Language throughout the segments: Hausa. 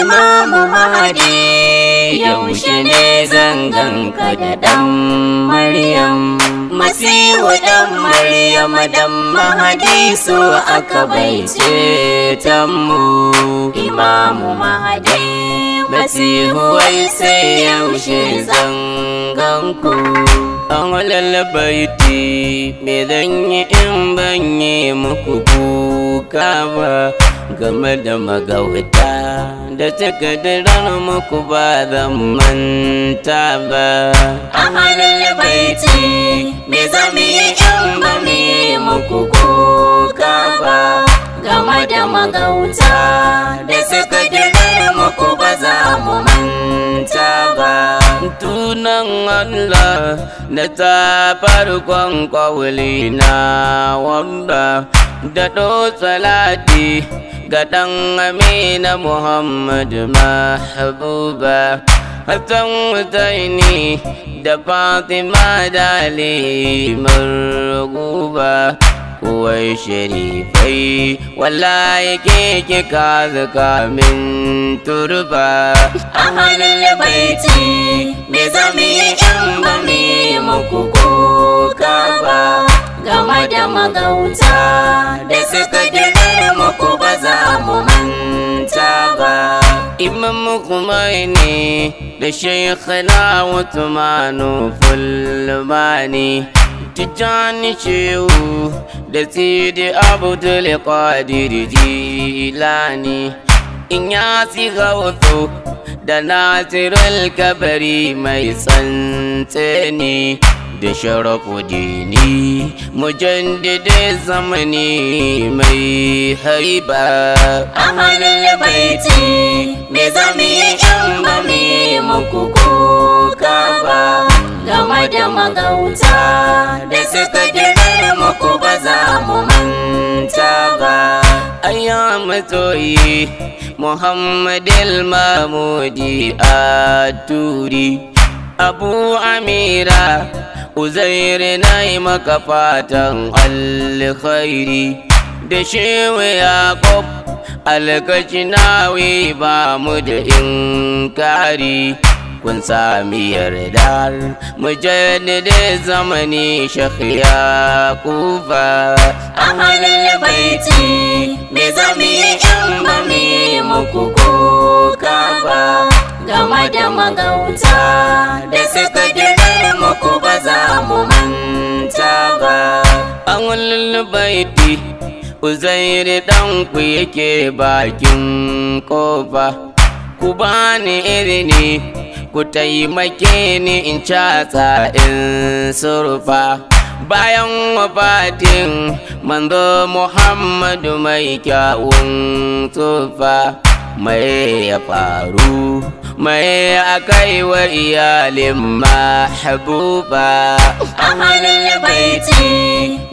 imamu mahadi yaushe ne zangan ka da ɗan maryam masihu ɗan maryam ɗan mahadi so aka baice mu imamu mahadi masihu wai sai yaushe zangan ku Ɗan baiti me zan yi in ban yi muku kuka ba game da magauta da takadirar muku ba zan manta ba. Ɗan baiti me zan yi in ban yi muku kuka ba game da magauta da takadirar ko ba za mu manta ba tunan Allah na ta farkon kwawulina wanda daɗo salati ga ɗan amina Muhammad Mahabuba Hassan Hussaini da Fatima da Ali Marguba uwar sharifai yake ke kika zuka min turba ahalin labaiti me yi in ba me muku kuka ba game da magauta da suka gina muku ba za mu manta ba imam ne da shaykhana tumanu fulmani tijjani shehu da sidi abdul qadir jilani in ya si gawto da kabari mai tsantseni da sharafu dini mujaddidin zamani mai haiba amalin baiti me zami yan ba game da magauta da suka gire muku ba za mu manta ba ayya matoyi muhammad mamudi a turi abu amira uzairi na yi maka fatan alkhairi da shewa yaƙob alkaci nawi ba mu da inkari kun sami yarda ne da zamani shakhiya kufa ahalin baiti me zami ba mi muku kuka ba gama da magauta da suka gina muku ba za mu manta ba ahalin baiti uzairi ku yake bakin kofa ku bani irini ku taimake ni in catsa in surfa bayan wafatin manzo muhammadu mai kyawun tufa mai ya faru mai a kai wa iyalin ma. a halin baiti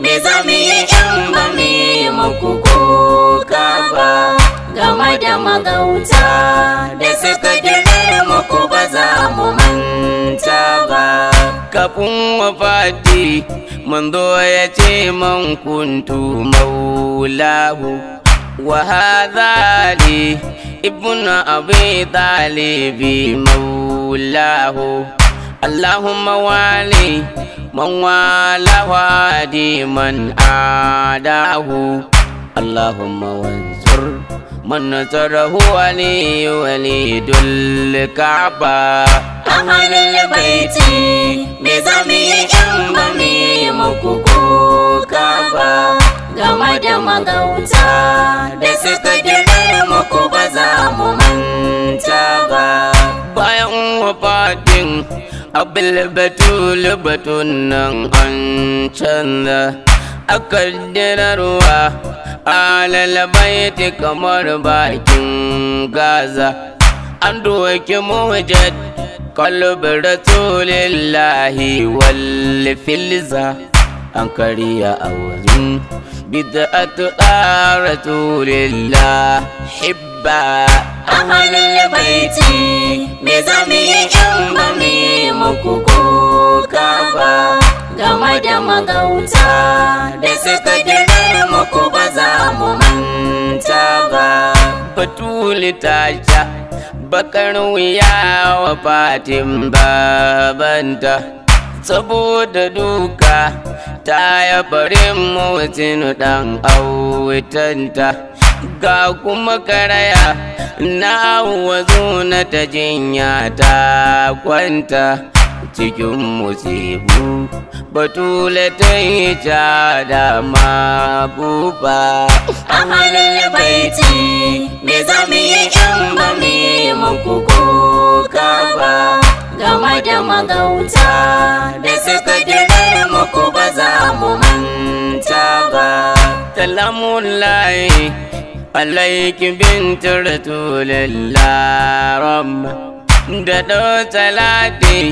me zami in ba me muku kuka ba game da magauta da kun wafati mun zo ya ce man kuntu maulahu wa hadhali ibnu abi talibi maulahu allahumma wali man Wa wadi man adahu allahumma wansur Mun zaro wani idulli ka ba. A ma ya ce, me za kaba, kama da ma gauta da saka jaririn mako ba za Bayan wun ba batul batun nan an canza alal baiti kamar bakin gaza an doki mujad kalbi rasulillahi wal filza an kariya a wajen a tuɗa rasulillah hibba ahalul baiti magauta da suka dirar muku ba za mu manta ba batuli ta sha bakar wuya wa fatin babanta saboda duka ta ya barin mutum ɗan autanta ga kuma karaya na wazo na ta jinya ta kwanta cikin musibu batule ta yi ta da mabuba a baiti me za mu yi in ba mu yi muku kuka ba game da magauta da suka gire muku ba za mu manta ba talamun layi alaiki bin turtulin larama da ɗau talatin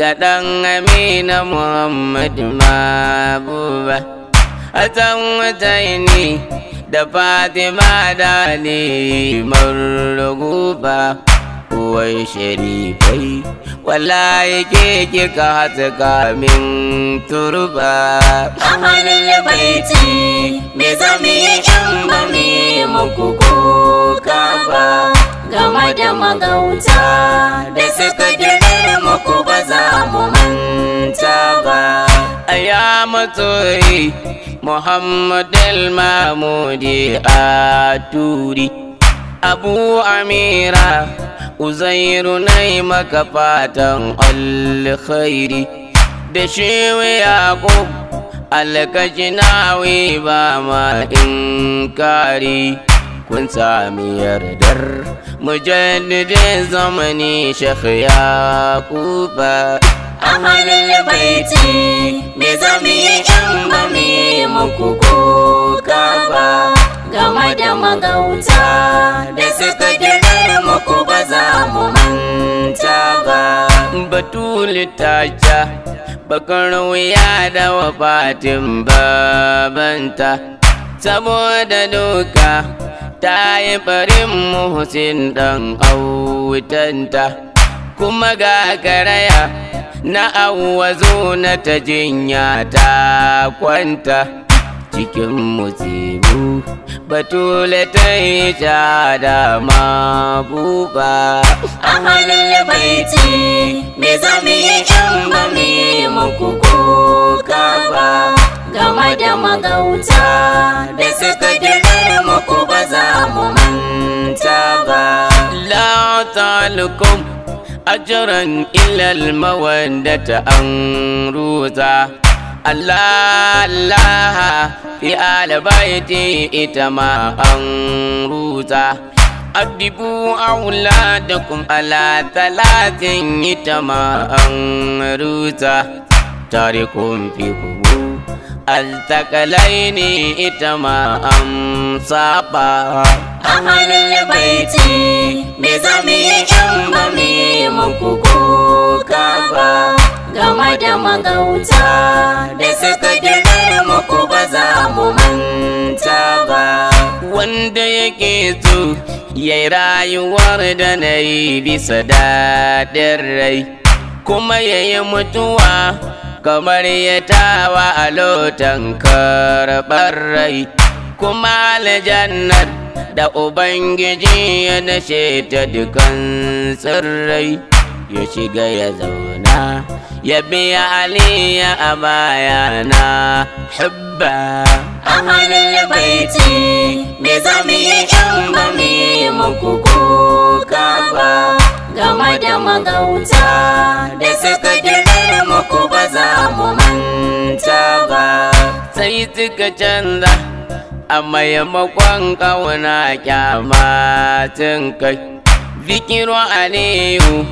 ga ɗan amina muhammadu mabuba a can mutane da fatima da limar ruguba uwar sharifai wallahi ke kika haska min turba ahalin baiti me zami can ba mi. muku kuka ba game da magauta da suka gire muku ba za aya matsoyi muhammad al a turi abu amira uzairu na yi maka fatan alkhairi da shewe yaƙub alkaji nawi ba ma inkari kun sami yardar mujallide zamani shekhu ya kuba halin labaiti me zami yan ba yi muku kuka ba game da magauta da suka girar muku ba za mu manta ba batuli ta ja bakar wuya da wafatin babanta saboda doka ta yi farin muhusin ɗan autanta kuma ga karaya na auwazo na ta jinya ta kwanta cikin musibu batule ta yi da mabuba a halin labaiti me zami yi in wuta da suka gine muku ba za mu manta ba. La ta lukum ajiran ilal mawanda ta an ruta. Allah Allah fi alabaiti ita ma an ruta. a wula da kum ala talatin ita ma an ruta. Tare kun fi kubu. altakalaini ne ita ma an saba ahalin baiti me zami yan ba me muku kuka ba game da magauta da suka gina muku ba za mu manta ba wanda yake so yi rayuwar da na yi bisa daɗin rai kuma yi mutuwa kamar ya tawa a lotan karɓar rai kuma aljannar da ubangiji ya nashe ta dukan tsirrai ya shiga ya zauna ya biya aliya a bayana a ahalin baiti me za mu yi in ba mu yi muku kuka ba game da magauta da tuka canza a maimakon ƙauna kyamatin kai zikiru aliyu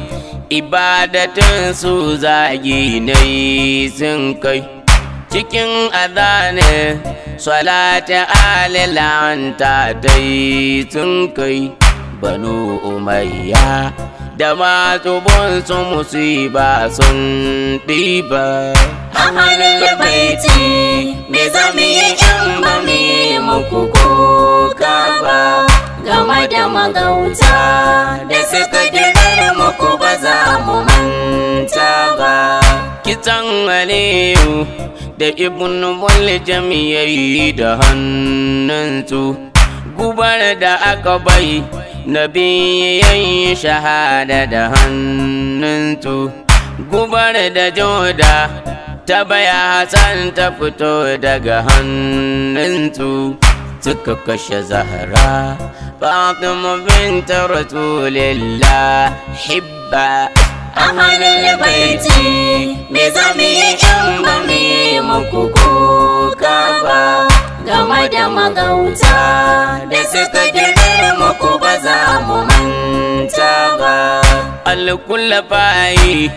ibadatun su zagi na sun kai cikin azanin salati alilanta ta yi sun kai banu umayya da masu su musiba sun ɗiba. Amalin baiti me za mu yi in ba mu yi muku kuka ba game da magauta da suka girar muku ba za mu manta ba. Kitan Aliyu da Ibn Muljam ya da hannunsu gubar da aka bai. nabi yayi shahada da hannuntu gubar da joda ta baya hassan ta fito daga hannuntu suka kashe zahara fatima binta rasulillah hibba ahalin baiti me za mu yi in ba mu yi muku kuka ba game da magauta da suka zamu mu manta ba alkulla fayi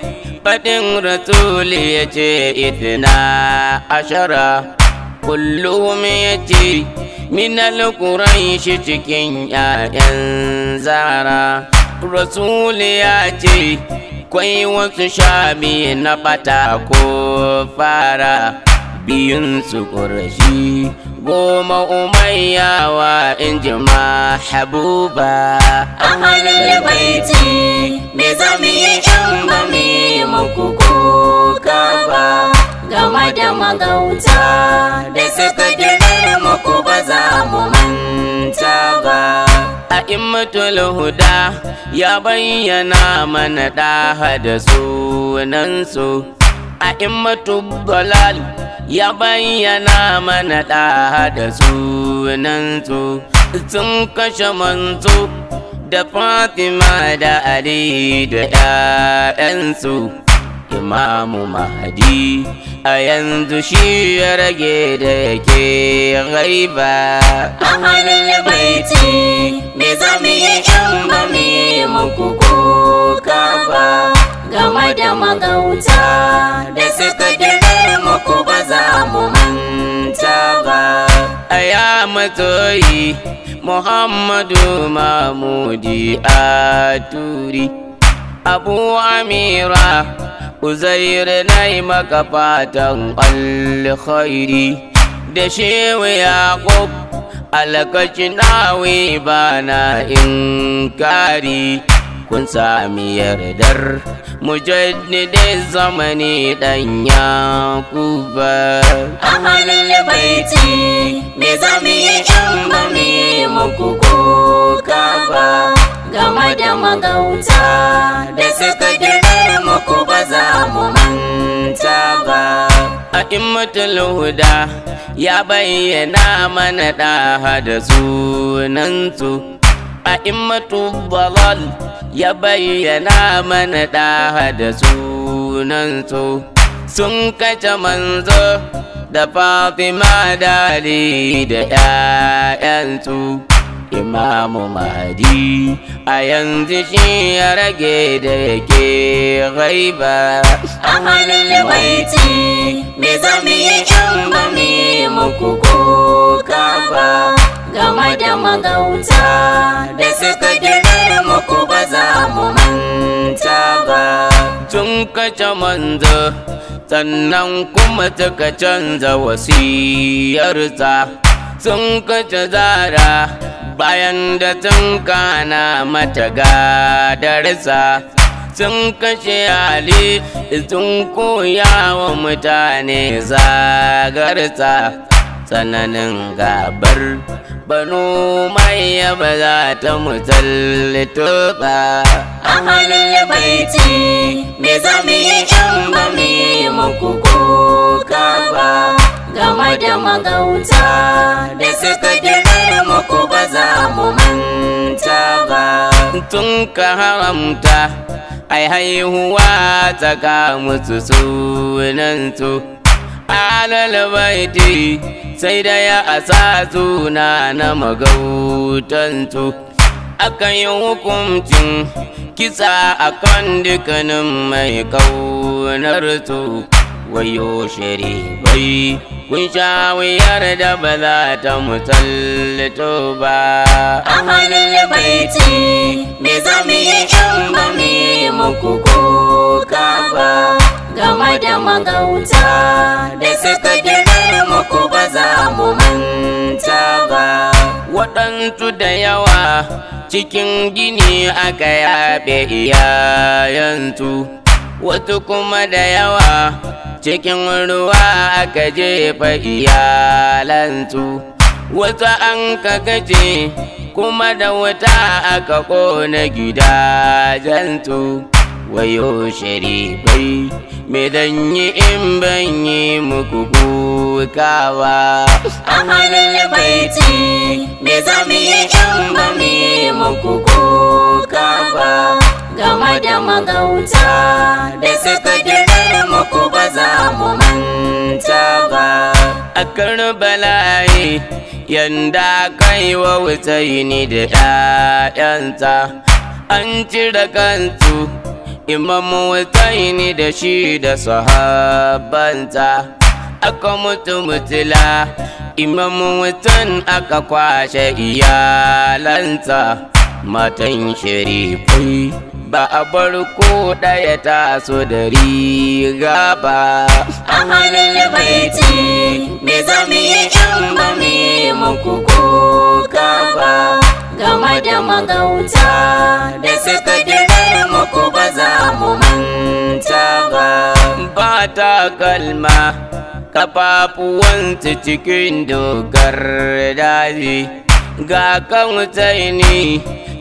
faɗin rasuli ya ce ashara kullum ya ce min shi cikin 'ya'yan zara rasuli ya ce kwai wasu sha na bata ko fara biyun su ƙurashi goma umayyawa in ji ma habuba halin labaiti me za mu yi in ba mu muku kuka ba game da magauta da suka dare muku ba za mu manta ba a a'immatul huda ya bayyana mana daha da sunansu a'immatul dalal ya bayyana mana ɗaha da sunansu sun kashe manzo da fatima da ali da ‘ya'yansu imamu mahadi a yanzu shi ya rage da yake raiba a baiti me za mu yi in ba mu yi muku kuka ba game da magauta masoyi muhammadu mahmudi a abu amira uzair na yi maka fatan alkhairi da shewa yaƙub alkaci bana ba na inkari kun sami yardar mu mujaddidin zamani dan yakuba ahalin baiti me zamu yi in ba mu muku kuka ba game da magauta da suka gire muku ba za mu manta ba a immatul huda ya bayyana mana da su a immatu ya bayyana mana ɗaha da sunansu sun kace manzo da fatima dali da ‘ya'yansu imamu mahadi a yanzu shi ya rage da yake ghaiba ahalin libaiti me zamu yi in ba mu muku kuka ba game da magauta da suka gire muku ba za mu manta ba tun kace manzo sannan kuma ka canza wasiyarsa sun kace zara bayan da tun kana mata gadarsa sun kashe ali sun koya wa mutane zagarsa tsananin gabar banu mai yaba za ta musalluto ba a halin labarci me za mu yi in ba mu yi muku kuka ba game da magauta da suka ku ba za mu manta ba tun ka haramta ai haihuwa ta ka musu sunansu alal baiti sai da ya asa suna na magautansu aka yi hukuncin kisa akan dukanin mai kaunarsu wayo wai kun sha wuyar da ba za ta mutallito ba a baiti me za mu yi in ba muku kuka ba game da magauta da suka gire muku ba za mu manta ba waɗantu da yawa cikin gini aka yaɓe iyayentu wasu kuma da yawa cikin ruwa aka jefa iyalantu wasu an ka gaje kuma da wuta aka ƙona gidajensu wayo sharifai me dan yi in ban yi muku kukawa ahalin baiti me zamu yi in ban yi muku kukawa Gama da magauta da suka gire muku ba za mu manta ba a karbalaye yanda kai wa ni da 'ya'yanta. an cire wuta yi ni da shi da sahabanta aka mutu mutula imamu wutan aka kwashe iyalanta. matan sharifai ba a bar ko ɗaya taso da riga ba a hannun baiti me za mu yi in ba mu yi muku kuka ba game da magauta da suka dirar muku ba za mu manta ba ba ta kalma kafafuwansu cikin dogar daji ga kan ne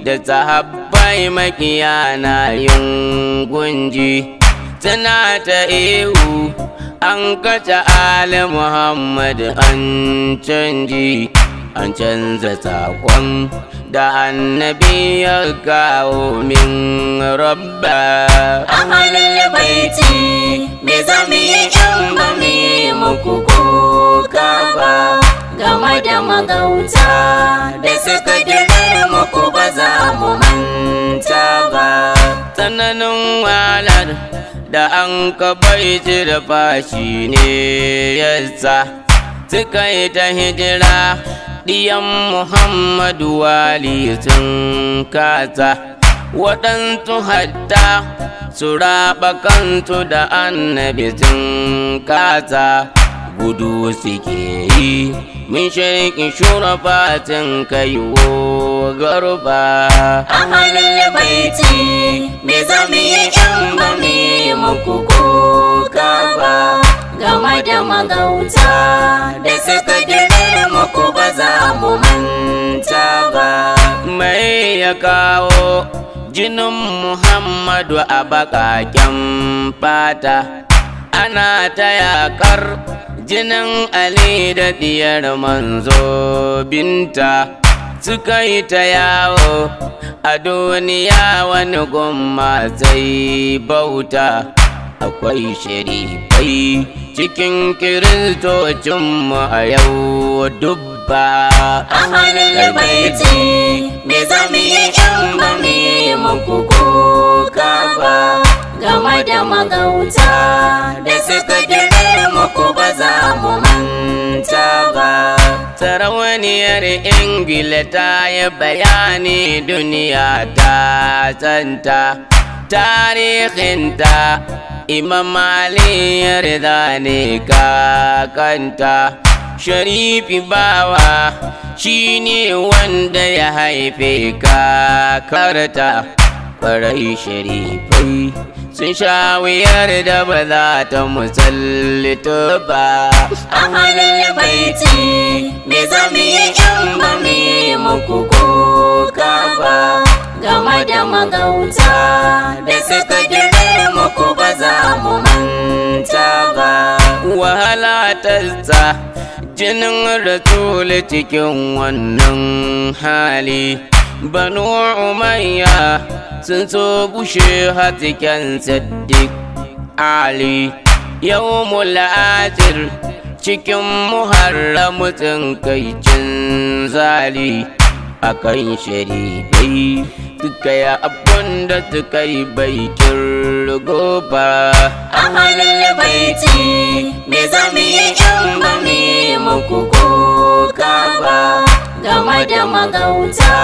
da sahabbai makiya yin gunji tana ta ihu an kata ali muhammad an canji an canza saƙon da annabi ya kawo min rabba halin baiti me zami yi in ba muku kuka ba game da magauta da suka gina tsananin walar da an kabai jirfa shi ne yasa suka yi ta hijira ɗiyan muhammadu wali sun kasa waɗansu hatta su raba kansu da annabi sun kasa gudu suke yi min shirki shura kai wo garba a halin baiti me za mu yi in ba mu muku kuka ba game da magauta da suka gire muku ba za mu manta ba mai ya kawo jinin muhammadu a baƙaƙen fata ana ta yakar jinan ali da diyar manzo binta suka yi ta yawo a duniya wani gumma zai bauta akwai sharifai cikin kiristocinmu a yau dubba a halin labarci me mu yi yan ba me muku kuka ba game da magauta da suka gire muku sarauniyar ingila ta yi bayani duniya ta santa tarihinta imam ali yarda ne kakanta sharifi bawa ne wanda ya haife kakarta ƙwarai sharifai sun sha wuyar da ba za ta musallito ba a halin labaiti me za mu yi ƴan ba mu muku kuka ba game da magauta da suka gire muku ba za mu manta ba wahala ta jinin rasuli cikin wannan hali banu umayya zo bushe hatiken saddik ali yau mula'ajir cikin muharram cin zali a kan sharifai suka yi abin da suka yi baikin rugo ba a halin baiti me za mu yi in ba mu muku kuka ba game da magauta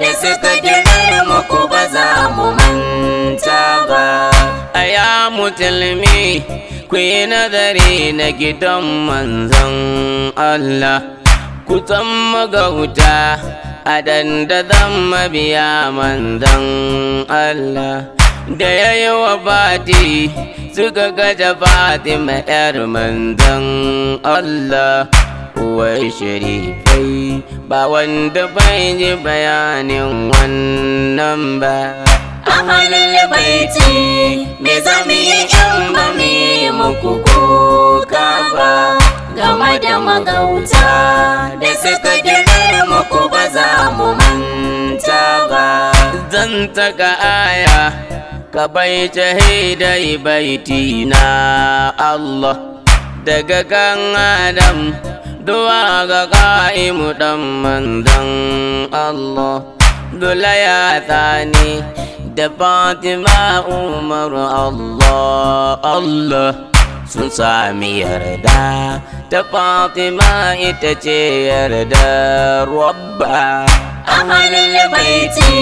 da suka gina muku ba za mu manta ba a ya mutulmi ku yi nazari na gidan manzan. Allah ku san magauta a dandazon mabiya manzan Allah da ya yi wa fati suka gaja fati 'yar manzan Allah uwar sharifai ba wanda bai ji bayanin wannan ba ahalin labaiti me za mu yi in ba mu yi muku kuka ba game da magauta da suka gire muku ba za mu manta ba zan taka aya ka bai shahidai baiti na Allah daga kan Adam addu'a ga ka'imu dan manzan Allah dole ya tani da Fatima Umar Allah Allah sun sami yarda ta Fatima ita ce yarda rabba ahalin baiti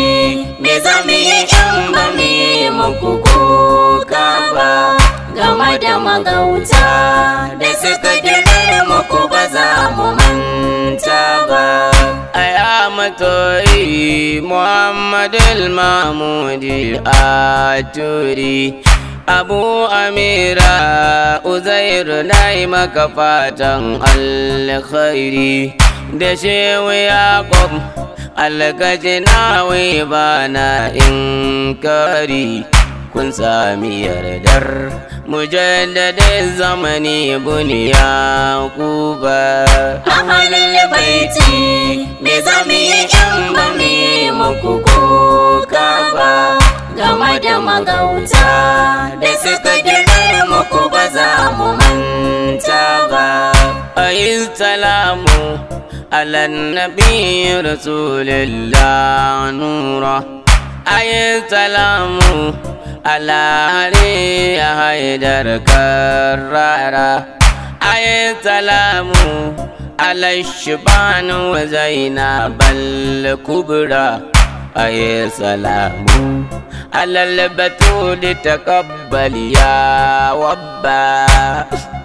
me za mu yi in ba mu yi muku kuka ba game da magauta da suka gina muku ba za mu manta ba aya matoyi muhammadul mamudi a turi abu amira uzairu na yi maka fatan alkhairi da shewu yaƙob alkaji na inkari kun sami yardar mujalladin zamani buniya kuba ahalin baiti me yi yan ba me muku kuka ba game da magauta da suka gina muku ba za mu manta ba ayi salamu ala nabi rasulillah nura ayi salamu a ya haidar karara ayi salamu alashban wa zainabal kubra yi salamu alal batul taqabbal ya wabba